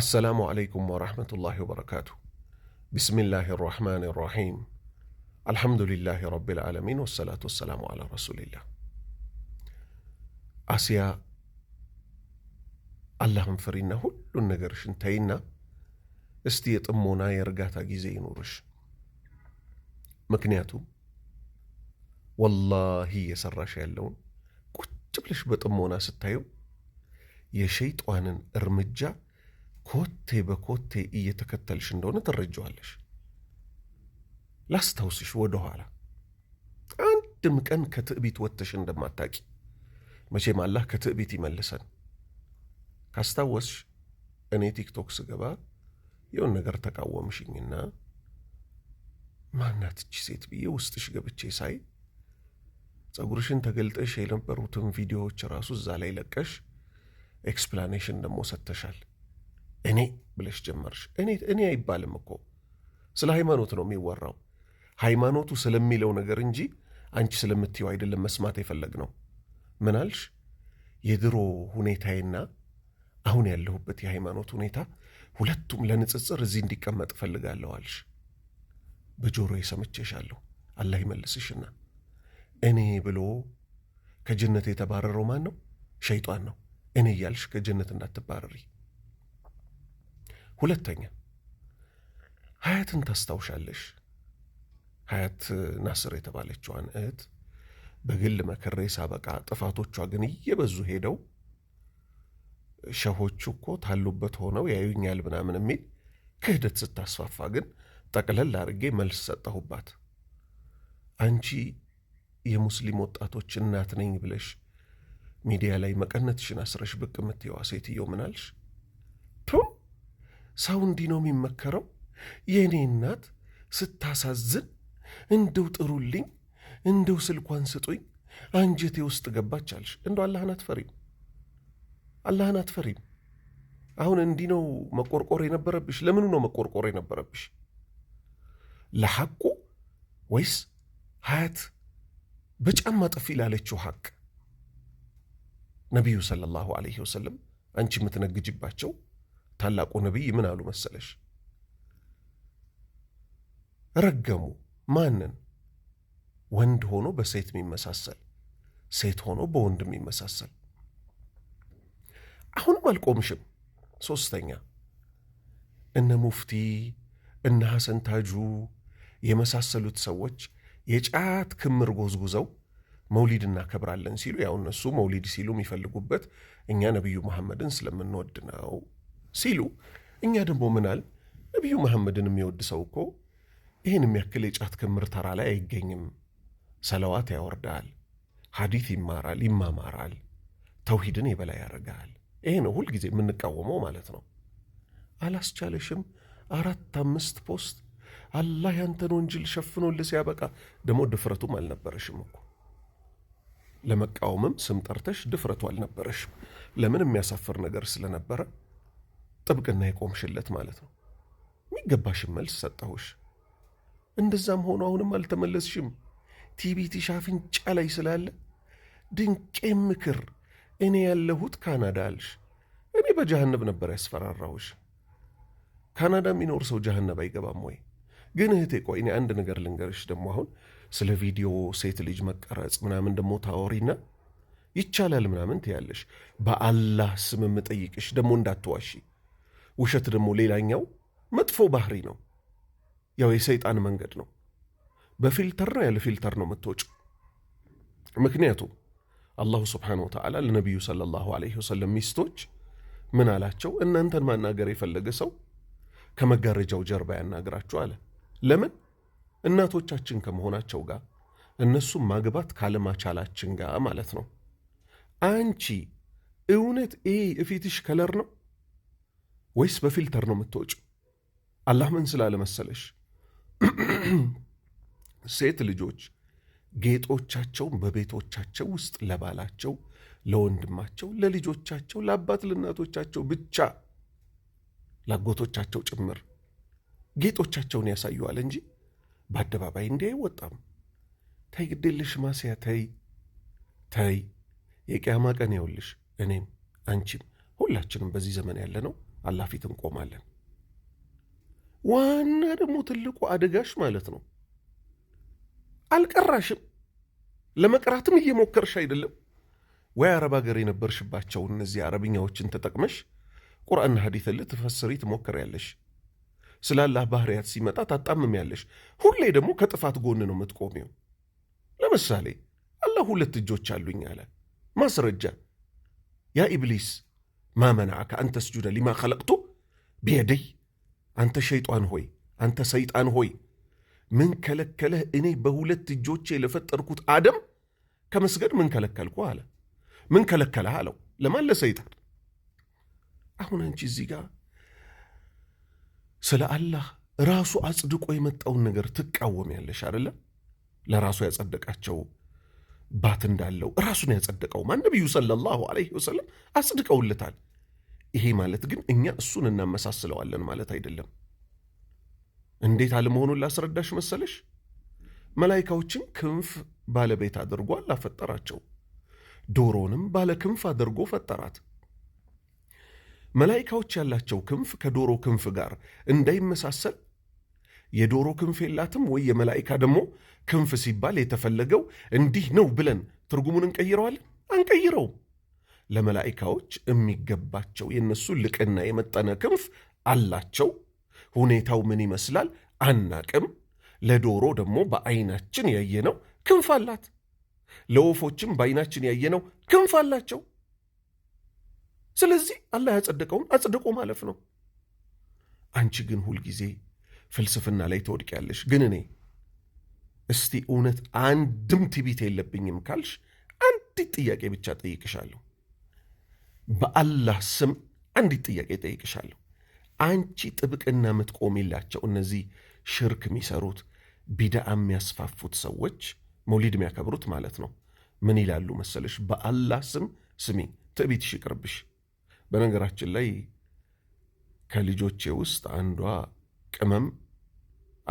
አሰላሙ ዓለይኩም ወረሕመቱላሂ ወበረካቱ። ቢስሚላህ ራሕማን ራሒም አልሐምዱሊላህ ረቢል ዓለሚን ወሰላቱ ወሰላሙ ዓላ ረሱሊላህ። አስያ አላህን ፍሪና ሁሉን ነገርሽን ተይና እስቲ የጥሞና የእርጋታ ጊዜ ይኑርሽ። ምክንያቱም ወላሂ እየሰራሽ ያለውን ቁጭ ብለሽ በጥሞና ስታየው የሸይጧንን እርምጃ ኮቴ በኮቴ እየተከተልሽ እንደሆነ ትረጀዋለሽ። ላስታውስሽ ወደኋላ አንድም ቀን ከትዕቢት ወጥተሽ እንደማታቂ። መቼም አላህ ከትዕቢት ይመልሰን። ካስታወስሽ እኔ ቲክቶክ ስገባ የውን ነገር ተቃወምሽኝና ማናት እቺ ሴት ብዬ ውስጥሽ ገብቼ ሳይ ጸጉርሽን ተገልጠሽ የነበሩትን ቪዲዮዎች ራሱ እዛ ላይ ለቀሽ ኤክስፕላኔሽን ደግሞ ሰጥተሻል። እኔ ብለሽ ጀመርሽ። እኔ እኔ አይባልም እኮ ስለ ሃይማኖት ነው የሚወራው። ሃይማኖቱ ስለሚለው ነገር እንጂ አንቺ ስለምትየው አይደለም መስማት የፈለግ ነው። ምን አልሽ? የድሮ ሁኔታዬና አሁን ያለሁበት የሃይማኖት ሁኔታ ሁለቱም ለንጽጽር እዚህ እንዲቀመጥ እፈልጋለሁ አልሽ። በጆሮዬ ሰምቼሻለሁ። አላህ ይመልስሽና እኔ ብሎ ከጀነት የተባረረው ማን ነው? ሸይጧን ነው። እኔ እያልሽ ከጀነት እንዳትባረሪ ሁለተኛ ሀያትን ታስታውሻለሽ? ሀያት ናስር የተባለችዋን እህት በግል መከሬ ሳበቃ ጥፋቶቿ ግን እየበዙ ሄደው ሸሆቹ እኮ ታሉበት ሆነው ያዩኛል ምናምን የሚል ክህደት ስታስፋፋ ግን ጠቅለል አድርጌ መልስ ሰጠሁባት። አንቺ የሙስሊም ወጣቶች እናት ነኝ ብለሽ ሚዲያ ላይ መቀነትሽን አስረሽ ብቅ የምትየዋ ሴትዮ ምናልሽ ቱም ሰው እንዲህ ነው የሚመከረው? የእኔ እናት ስታሳዝን፣ እንደው ጥሩልኝ፣ እንደው ስልኳን ስጡኝ፣ አንጀቴ ውስጥ ገባች አልሽ። እንደው አላህን አትፈሪም? አላህን አትፈሪም? አሁን እንዲህ ነው መቆርቆር የነበረብሽ? ለምኑ ነው መቆርቆር የነበረብሽ? ለሐቁ ወይስ ሀያት በጫማ ጥፊ ላለችው ሐቅ? ነቢዩ ሰለላሁ ዐለይሂ ወሰለም አንቺ የምትነግጅባቸው ታላቁ ነቢይ ምን አሉ መሰለሽ? ረገሙ ማንን? ወንድ ሆኖ በሴት የሚመሳሰል ሴት ሆኖ በወንድ የሚመሳሰል። አሁንም አልቆምሽም። ሶስተኛ እነ ሙፍቲ እነ ሐሰን ታጁ የመሳሰሉት ሰዎች የጫት ክምር ጎዝጉዘው መውሊድ እናከብራለን ሲሉ ያው እነሱ መውሊድ ሲሉ የሚፈልጉበት እኛ ነቢዩ መሐመድን ስለምንወድ ነው ሲሉ እኛ ደግሞ ምናል ነቢዩ መሐመድን የሚወድ ሰው እኮ ይህን የሚያክል የጫት ክምር ተራ ላይ አይገኝም። ሰለዋት ያወርዳል፣ ሐዲት ይማራል፣ ይማማራል፣ ተውሂድን የበላይ ያደርጋል። ይሄ ነው ሁልጊዜ የምንቃወመው ማለት ነው። አላስቻለሽም አራት አምስት ፖስት አላህ ያንተን ወንጅል ሸፍኖልህ ሲያበቃ ደግሞ ድፍረቱም አልነበረሽም እኮ ለመቃወምም ስም ጠርተሽ ድፍረቱ አልነበረሽም። ለምን የሚያሳፍር ነገር ስለነበረ ጥብቅና የቆምሽለት ማለት ነው። የሚገባሽን መልስ ሰጠሁሽ። እንደዛም ሆኖ አሁንም አልተመለስሽም። ቲቢቲሽ አፍንጫ ላይ ስላለ ድንቄ ምክር እኔ ያለሁት ካናዳ አልሽ። እኔ በጀሃነብ ነበር ያስፈራራሁሽ። ካናዳ የሚኖር ሰው ጀሃነብ አይገባም ወይ? ግን እህቴ ቆይ እኔ አንድ ነገር ልንገርሽ። ደግሞ አሁን ስለ ቪዲዮ ሴት ልጅ መቀረጽ ምናምን ደግሞ ታወሪና ይቻላል ምናምን ትያለሽ። በአላህ ስም የምጠይቅሽ ደግሞ እንዳትዋሺ ውሸት ደግሞ ሌላኛው መጥፎ ባህሪ ነው። ያው የሰይጣን መንገድ ነው። በፊልተር ነው ያለ ፊልተር ነው የምትወጪው። ምክንያቱም አላሁ ስብሓነሁ ወተዓላ ለነቢዩ ሰለላሁ ዐለይሂ ወሰለም ሚስቶች ምን አላቸው? እናንተን ማናገር የፈለገ ሰው ከመጋረጃው ጀርባ ያናግራችሁ አለ። ለምን? እናቶቻችን ከመሆናቸው ጋር እነሱም ማግባት ካለማቻላችን ጋር ማለት ነው። አንቺ እውነት ይሄ እፊትሽ ከለር ነው ወይስ በፊልተር ነው የምትወጩ? አላህ ምን ስላለመሰለሽ ሴት ልጆች ጌጦቻቸውን በቤቶቻቸው ውስጥ ለባላቸው፣ ለወንድማቸው፣ ለልጆቻቸው፣ ለአባት ለእናቶቻቸው ብቻ ላጎቶቻቸው ጭምር ጌጦቻቸውን ያሳዩዋል እንጂ በአደባባይ እንዲህ አይወጣም። ተይ ግዴለሽ ማስያ ተይ ተይ። የቅያማ ቀን ይኸውልሽ፣ እኔም አንቺም ሁላችንም በዚህ ዘመን ያለ ነው አላህ ፊት እንቆማለን። ዋና ደግሞ ትልቁ አደጋሽ ማለት ነው አልቀራሽም፣ ለመቅራትም እየሞከርሽ አይደለም ወይ አረብ ሀገር የነበርሽባቸው እነዚህ አረብኛዎችን ተጠቅመሽ ቁርአንና ሀዲትል ልትፈስሪ ትሞክሪያለሽ። ስለ አላህ ባህርያት ሲመጣ ታጣምሚያለሽ። ሁሌ ደግሞ ከጥፋት ጎን ነው የምትቆሚው። ለምሳሌ አላህ ሁለት እጆች አሉኝ አለ ማስረጃ ያ ኢብሊስ ማመናከ አንተ ስጁደ ሊማ ኸለቅቱ ቢየደይ አንተ ሸይጣን ሆይ አንተ ሰይጣን ሆይ ምን ከለከለህ እኔ በሁለት እጆቼ ለፈጠርኩት አደም ከመስገድ ምን ከለከልኩ አለ ምን ከለከለህ አለው ለማን ለሰይጣን አሁን አንቺ እዚህ ጋር ስለ አላህ ራሱ አጽድቆ የመጣውን ነገር ትቃወም ያለሽ አደለም ለራሱ ያጸደቃቸው ባት እንዳለው ራሱን ያጸደቀው ማን ነቢዩ ሰለላሁ ዐለይሂ ወሰለም አጽድቀውለታል ይሄ ማለት ግን እኛ እሱን እናመሳስለዋለን ማለት አይደለም። እንዴት አለመሆኑን ላስረዳሽ መሰለሽ፣ መላይካዎችን ክንፍ ባለቤት አድርጎ አላፈጠራቸው። ዶሮንም ባለ ክንፍ አድርጎ ፈጠራት። መላይካዎች ያላቸው ክንፍ ከዶሮ ክንፍ ጋር እንዳይመሳሰል የዶሮ ክንፍ የላትም ወይ? የመላይካ ደግሞ ክንፍ ሲባል የተፈለገው እንዲህ ነው ብለን ትርጉሙን እንቀይረዋለን? አንቀይረውም። ለመላኢካዎች የሚገባቸው የእነሱ ልቅና የመጠነ ክንፍ አላቸው። ሁኔታው ምን ይመስላል አናቅም። ለዶሮ ደግሞ በአይናችን ያየነው ክንፍ አላት። ለወፎችም በአይናችን ያየነው ክንፍ አላቸው። ስለዚህ አላህ ያጸደቀውን አጽድቆ ማለፍ ነው። አንቺ ግን ሁልጊዜ ፍልስፍና ላይ ትወድቂያለሽ። ግን እኔ እስቲ እውነት አንድም ትቢት የለብኝም ካልሽ አንዲት ጥያቄ ብቻ ጠይቅሻለሁ። በአላህ ስም አንዲት ጥያቄ ጠይቅሻለሁ። አንቺ ጥብቅና የምትቆሚላቸው እነዚህ ሽርክ የሚሰሩት ቢዳ የሚያስፋፉት ሰዎች መውሊድ የሚያከብሩት ማለት ነው ምን ይላሉ መሰለሽ? በአላህ ስም ስሚ፣ ትዕቢትሽ ይቅርብሽ። በነገራችን ላይ ከልጆቼ ውስጥ አንዷ ቅመም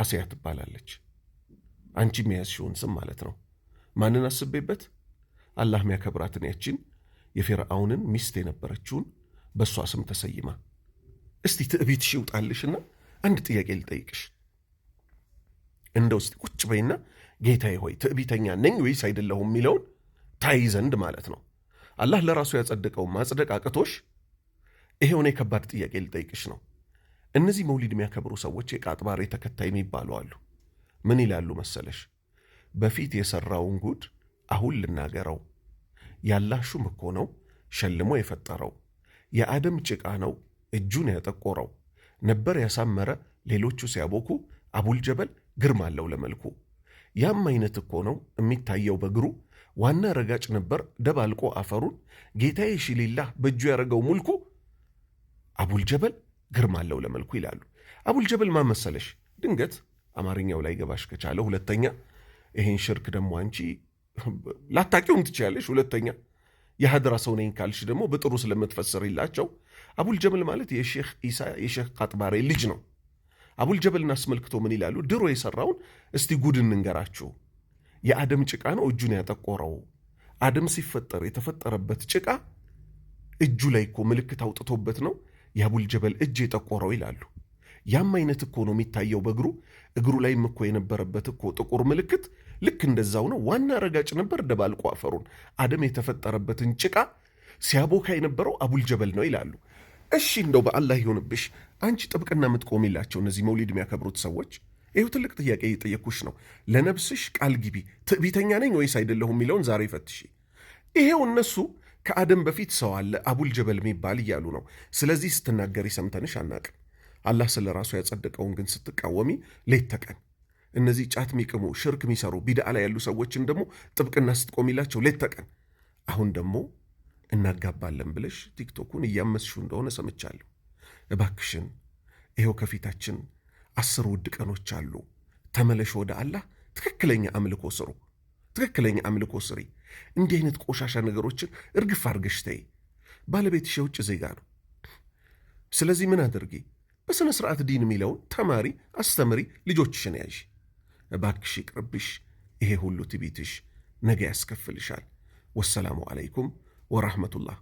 አስያ ትባላለች። አንቺ የሚያዝሽውን ስም ማለት ነው። ማንን አስቤበት? አላህ የሚያከብራትን ያችን የፌርአውንን ሚስት የነበረችውን በእሷ ስም ተሰይማ። እስቲ ትዕቢትሽ ይውጣልሽና አንድ ጥያቄ ልጠይቅሽ። እንደ ውስጥ ቁጭ በይና ጌታዬ ሆይ ትዕቢተኛ ነኝ ወይስ አይደለሁም የሚለውን ታይ ዘንድ ማለት ነው። አላህ ለራሱ ያጸደቀው ማጽደቅ አቅቶሽ ይሄ ሆነ። የከባድ ጥያቄ ልጠይቅሽ ነው። እነዚህ መውሊድ የሚያከብሩ ሰዎች የቃጥባር ተከታይ የሚባሉ አሉ። ምን ይላሉ መሰለሽ? በፊት የሰራውን ጉድ አሁን ልናገረው ያላሹም እኮ ነው ሸልሞ የፈጠረው። የአደም ጭቃ ነው እጁን ያጠቆረው። ነበር ያሳመረ ሌሎቹ ሲያቦኩ፣ አቡልጀበል ግርማ አለው ለመልኩ። ያም አይነት እኮ ነው የሚታየው በእግሩ። ዋና ረጋጭ ነበር ደባልቆ አፈሩን። ጌታዬ ሽሊላህ በእጁ ያደረገው ሙልኩ። አቡልጀበል ግርማ አለው ለመልኩ ይላሉ። አቡልጀበል ማመሰለሽ መሰለሽ? ድንገት አማርኛው ላይ ገባሽ ከቻለ ሁለተኛ ይህን ሽርክ ደግሞ አንቺ ላታቂውም ትችላለሽ። ሁለተኛ የሀድራ ሰው ነኝ ካልሽ ደግሞ በጥሩ ስለምትፈስሪላቸው አቡልጀበል ማለት የሼህ ኢሳ የሼክ ቃጥባሬ ልጅ ነው። አቡልጀበልን አስመልክቶ ምን ይላሉ? ድሮ የሰራውን እስቲ ጉድ እንንገራችሁ። የአደም ጭቃ ነው እጁን ያጠቆረው። አደም ሲፈጠር የተፈጠረበት ጭቃ እጁ ላይ እኮ ምልክት አውጥቶበት ነው የአቡልጀበል እጅ የጠቆረው ይላሉ። ያም አይነት እኮ ነው የሚታየው በእግሩ እግሩ ላይም እኮ የነበረበት እኮ ጥቁር ምልክት ልክ እንደዛው ነው። ዋና ረጋጭ ነበር። ደባልቆ አፈሩን አደም የተፈጠረበትን ጭቃ ሲያቦካ የነበረው አቡልጀበል ነው ይላሉ። እሺ እንደው በአላህ ይሆንብሽ አንቺ ጥብቅና የምትቆሚላቸው እነዚህ መውሊድ የሚያከብሩት ሰዎች ይህ ትልቅ ጥያቄ እየጠየኩሽ ነው። ለነብስሽ ቃል ግቢ። ትዕቢተኛ ነኝ ወይስ አይደለሁም የሚለውን ዛሬ ፈትሽ ይሄው እነሱ ከአደም በፊት ሰው አለ አቡል ጀበል የሚባል እያሉ ነው። ስለዚህ ስትናገሪ ሰምተንሽ አናቅም። አላህ ስለ ራሱ ያጸደቀውን ግን ስትቃወሚ ሌት ተቀን እነዚህ ጫት የሚቅሙ ሽርክ የሚሰሩ ቢድዓ ላይ ያሉ ሰዎችን ደግሞ ጥብቅና ስትቆሚላቸው ሌት ተቀን አሁን ደግሞ እናጋባለን ብለሽ ቲክቶኩን እያመስሹ እንደሆነ ሰምቻለሁ። እባክሽን ይኸው ከፊታችን አስር ውድ ቀኖች አሉ። ተመለሽ ወደ አላህ፣ ትክክለኛ አምልኮ ስሩ፣ ትክክለኛ አምልኮ ስሪ። እንዲህ አይነት ቆሻሻ ነገሮችን እርግፍ አድርገሽ ተይ። ባለቤትሽ የውጭ ዜጋ ነው። ስለዚህ ምን አድርጌ በሥነ ሥርዓት ዲን የሚለውን ተማሪ፣ አስተምሪ፣ ልጆችሽን ያዥ። እባክሽ ይቅርብሽ፣ ይሄ ሁሉ ትቢትሽ ነገ ያስከፍልሻል። ወሰላሙ ዓለይኩም ወራህመቱላህ